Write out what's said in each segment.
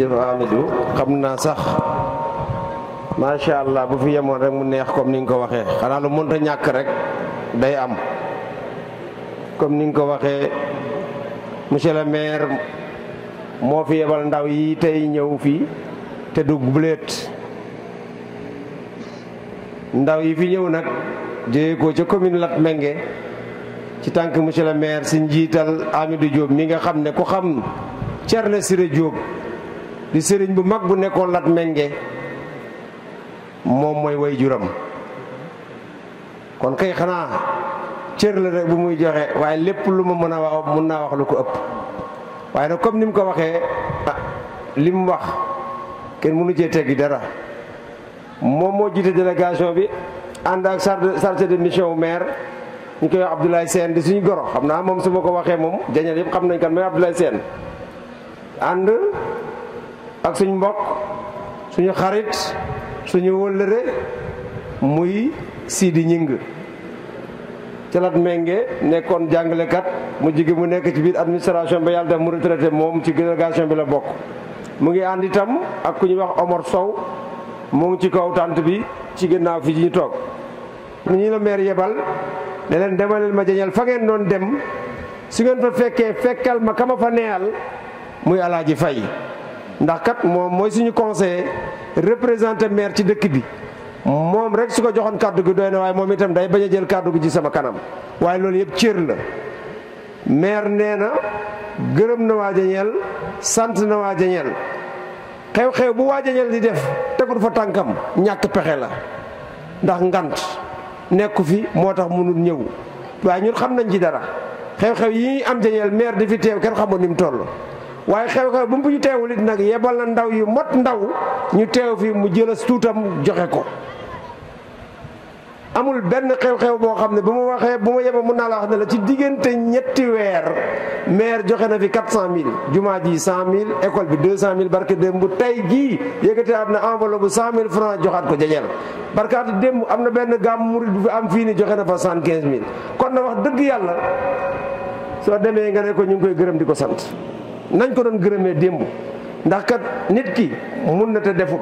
jërëjëf amadou xam naa sax sha allah bu fi yamone rek mu neex comme ni nga ko waxee xanaa lu mënta ñak rek day am comme ni nga ko waxee monsieur le maire mo fi yebal ndaw yi tay ñew fi te du bulet ndaw yi fi ñew nak jóge ko ci commune lat mengé ci tank monsieur le maire si jital amadou Diop mi nga xamne ku xam Thierno sire Diop. di sëriñ bu mag bu nekkoon lat menge moom mooy way juram kon kay xanaa cër la rek bu muy joxe waaye lépp lu ma mën a wax mun naa wax lu ko ëpp waaye nag comme ni mu ko waxee ah, li mu wax kenn mënu cee teggi dara moom moo jiite délégation bi ànd ak chargé de mission maire ñu koy wax Abdoulaye Sène di suñu goro xam naa moom su ma ko waxee moom jañal yëpp xam nañ kan mooy Abdoulaye Sène ànd ak suñ mbokk suñu xarit suñu wëllëre muy Sidi Ñing ca lat ménge nekkoon jàngalekat mu jige mu nekk ci biir administration ba yàlla def mu retraité moom ci délégation bi la bokk mu ngi ànd itam ak ku ñuy wax Omar Sow mu ngi ci kaw tànt bi ci ginnaaw fi ñu toog ñu ñu la maire yebal ne leen demaleen ma jañal fa ngeen doon dem su ngeen fa fekkee fekkal ma kama fa neyal muy alaaji fay ndax kat mom moy suñu conseiller représenter maire ci dëkk bi mom rek suko joxon cadeau kàddu gi doy na waaye itam day baña jël cadeau gi ci sama kanam way lool yépp cër la maire néna na gërëm na waa Jañeel sant na waa xew-xew bu waa Jañeel di def tekkul fa tankam ñak pexé la ndax ngant nekku fi motax tax mënul ñëw way ñun xam nañ ci dara xew-xew yi am Jañeel maire di fi teew kenn xamul nim tollu waaye xew-xew bu mu ñu teewul it nag yebal na ndaw yu mot ndaw ñu teew fi mu jëlas tuutam joxe ko amul benn xew-xew boo xam ne bu ma waxee bu ma yeboo mun naa la wax ne la ci diggante ñetti weer maire joxe na fi quatre cent mille jumaa ji cent mille école bi deux cent mille barke démb bu tey jii yëkkati at na enveloppe bu cent mille franc joxaat ko jajel barkaati démb am na benn gàmm murid fi am fii ni joxe na fa cent quinze mille kon na wax dëgg yàlla soo demee nga ne ko ñu ngi koy gërëm di ko sant nañ ko doon gërëmee démb ndax kat nit ki mun na te defut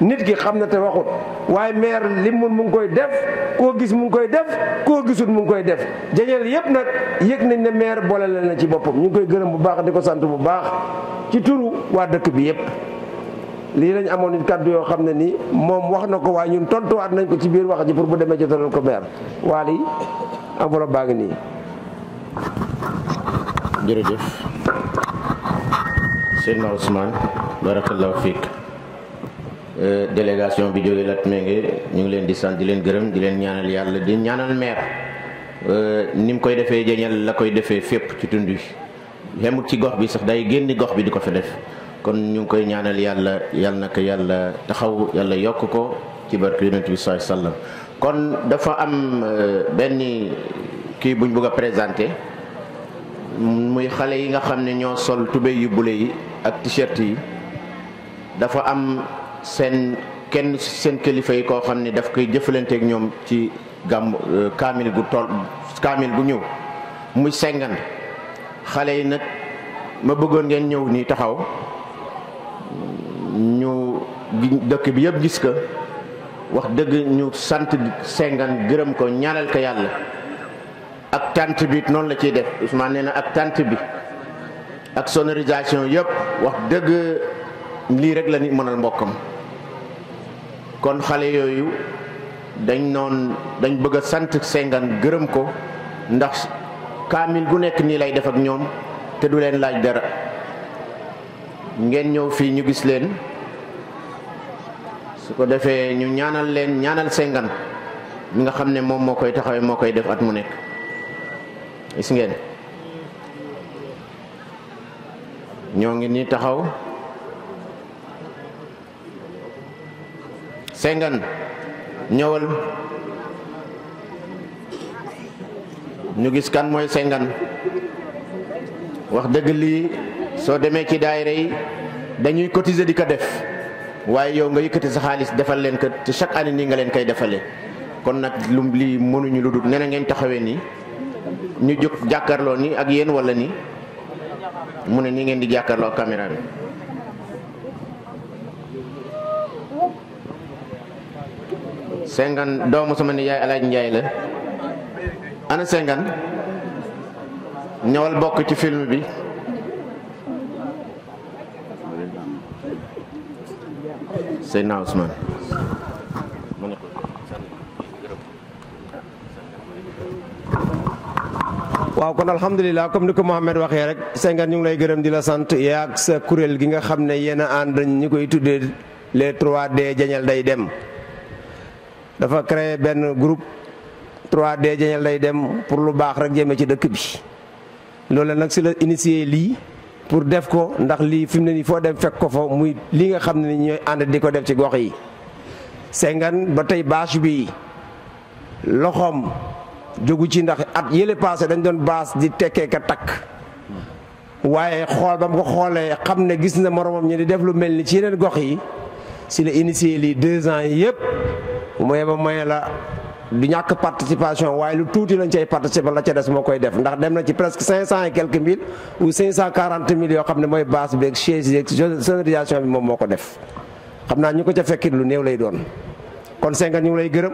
nit ki xam na te waxut waaye maire li mun mu ngi koy def koo gis mu ngi koy def koo gisut mu ngi koy def jañeel yëpp nag yëg nañ ne maire boole leen na ci boppam ñu ngi koy gërëm bu baax di ko sant bu baax ci turu waa dëkk bi yëpp. lii lañ amoon nit kàddu yoo xam ne nii moom wax na ko waaye ñu tontuwaat nañ ko ci biir wax ji pour bu demee jotaloon ko maire waali enveloppe baa ngi nii Seydina Ousmane barakallahu fiik euh, délégation bi jógee Latmingué ñu ngi leen di sant di leen gërëm di leen ñaanal yàlla di ñaanal maire euh, ni mu koy defee jëñal la koy defee fépp ci tund wi xemut ci gox bi sax day génn gox bi di ko fa def kon ñu ngi koy ñaanal yàlla yàlla na yàlla taxaw yàlla yokk ko ci barke yonent bi sallam kon dafa am euh, benn kii buñ bëgg a présenté muy xale yi nga xam ne ñoo sol tubéy yu bule yi ak t yi dafa am seen kenn seen kilifa yi koo xam ne daf koy jëfalanteek ñoom ci gàmm euh, kaamil gu toll kaamil gu ñëw muy sengan xale yi nag ma bëggoon ngeen ñëw nii taxaw ñu dëkk bi yëpp gis ko wax dëgg ñu sant sengan gërëm ko ñaanal ko yàlla ak tant bi noonu la ciy def Ousmane nee na ak tant bi ak sonorisation yépp wax dëgg lii rek la nit mënal mbokkam kon xale yooyu dañ noon dañ bëgg a sant Senghane gërëm ko ndax kaamil gu nekk nii lay def ak ñoom te du leen laaj dara ngeen ñëw fii ñu gis leen su ko defee ñu ñaanal leen ñaanal Senghane mi nga xam ne moom moo koy taxawee moo koy def at mu nekk gis ngeen ñoo ngi nii taxaw sengan ñëwal ñu gis kan mooy sengan wax dëgg lii soo demee ci daayira yi dañuy cotiser di ko def waaye yow nga yëkkati sa xaalis defal leen ko te chaque année nii nga leen koy defalee kon nag lum lii mënuñu lu dul nena ngeen taxawee nii ñu jóg jakarlo ni ak yeen wala ni mu ne ni ngeen di jakarlo caméra bi sengan doomu sama ni yaay alaaj njaay la ana sengan ñëwal bok ci film bi Seydina Ousmane waaw kon alhamdulilah comme niko ko waxe rek Senghane ñu lay gërëm di la sant yaak sa kuréel gi nga xamne yena and a ànd koy tuddee les 3D Diagnel Day Dem dafa créer ben groupe 3D Diagnel Day Dem pour lu bax rek jëmee ci dëkk bi lolé nak ci la initier li pour def ko ndax li fi ni fo dem fekk ko fo muy li nga xamne ni ñooy ànd di ko def ci gox yi Senghane ba tay bash bi loxom jógu ci ndax at yële passé dañ doon baas di tekkee ka takk waaye xool ba mu ko xoolee xam ne gis na moromam ñi ni def lu mel ni ci yeneen gox yi si la initié lii deux ans yëpp mooy ba mooy la du ñàkk participation waaye lu tuuti lañ cay participer la ca des moo koy def ndax dem na ci presque cinq cent et quelques mille ou cinq mille yoo xam ne mooy base beeg chaise yeeg sonorisation bi moom moo ko def xam naa ñu ko ca fekkit lu néew lay doon kon Senghane ñu lay gërëm.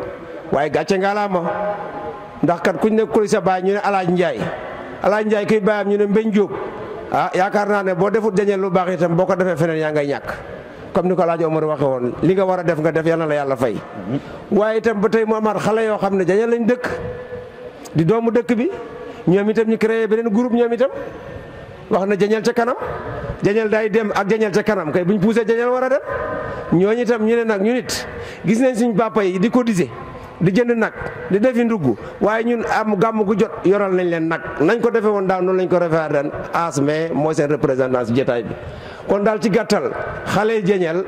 nga la ngalaama ndax kat kuñ ne kuli sa baay ñu ne alaaj njaay alaaj njaay kuy bayam ñu ne mbeñ jóob ah yaakar na ne bo defut dañeel lu bax itam boko defé fenen ya nga ñak comme niko ko Omar waxe won li nga wara def nga def yalla la yalla fay mm-hmm. waye itam batay mo amar amaat yo xamne xam lañ dëkk di doomu dëkk bi ñom itam ñu créer benen groupe ñom itam wax na jañeel ca kanam jañeel day dem ak jañeel ci kanam kay buñ pousser jañeel wara dem ñoñ itam ñu ne nag ñu nit gis nañ suñu papa yi di cotiser di jënd nak di def ndugu waye ñun am gamu gu jot yoral nañ leen nak nañ ko defé won daal non lañ ko refee as mais moy sen représentance jotaay bi kon daal ci gattal xalé jëñal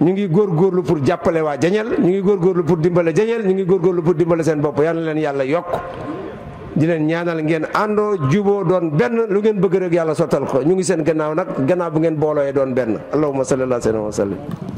ñu ngi góorgóorlu pour jappalé wa jëñal ñu ngi góorgóorlu pour dimbalé jëñal ñu ngi góorgóorlu pour dimbalé sen bop yal leen yàlla yok di leen ñaanal ngeen ando jubo don ben lu ngeen bëgg rek yàlla sotal ko ñu ngi sen gannaaw nak gannaaw bu ngeen boolooyee don ben, allahumma salli ala sayyidina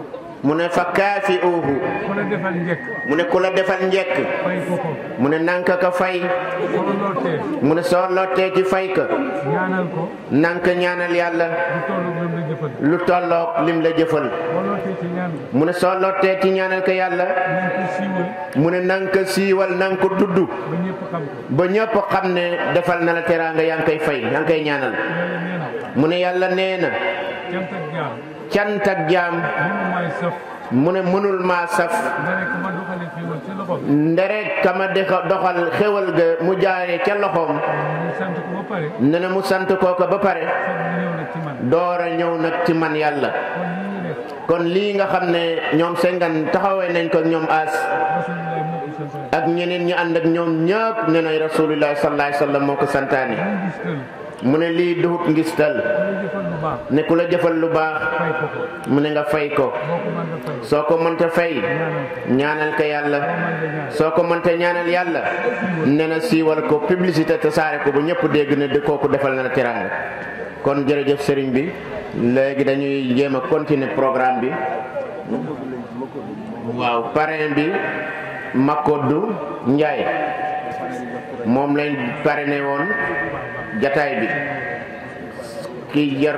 mu ne fa kaafi uuhu mu ne ku la defal njëkk mu ne nanka ko fay mu ne soo lottee ci fay ka nanka ñaanal yàlla lu tolloog lim la jëfal mu ne soo lottee ci ñaanal ka yàlla mu ne nanka siiwal nanka tudd ba ñëpp xam ne defal na la teraanga yaa ngi koy fay yaa ngi ñaanal mu ne yàlla nee na cant ak jaam mu ne mënul maa saf ndere kama doxal xewal ga mu jaare ca loxoom ne mu sant koo ko ba pare doora ñëw nag ci man yàlla kon lii nga xam ne ñoom sengan taxawee nañ ko ñoom aas ak ñeneen ñi ànd ak ñoom ñëpp ne nay rasulullah sallallahu alayhi wasallam moo ko santaane mu ne lii duhut ngistal ne ku la jëfal lu baax mu ne nga fay ko soo ko mënta fay ñaanal ko yàlla soo ko mënta ñaanal yàlla ne na siiwal ko publicité te saare ko bu ñëpp dégg ne di kooku defal na la teraanga kon jërëjëf sëriñ bi léegi dañuy jéem a continuer programme bi waaw parrain bi Makoddu Njaay moom lañ parrainé woon jataay bi kiy jar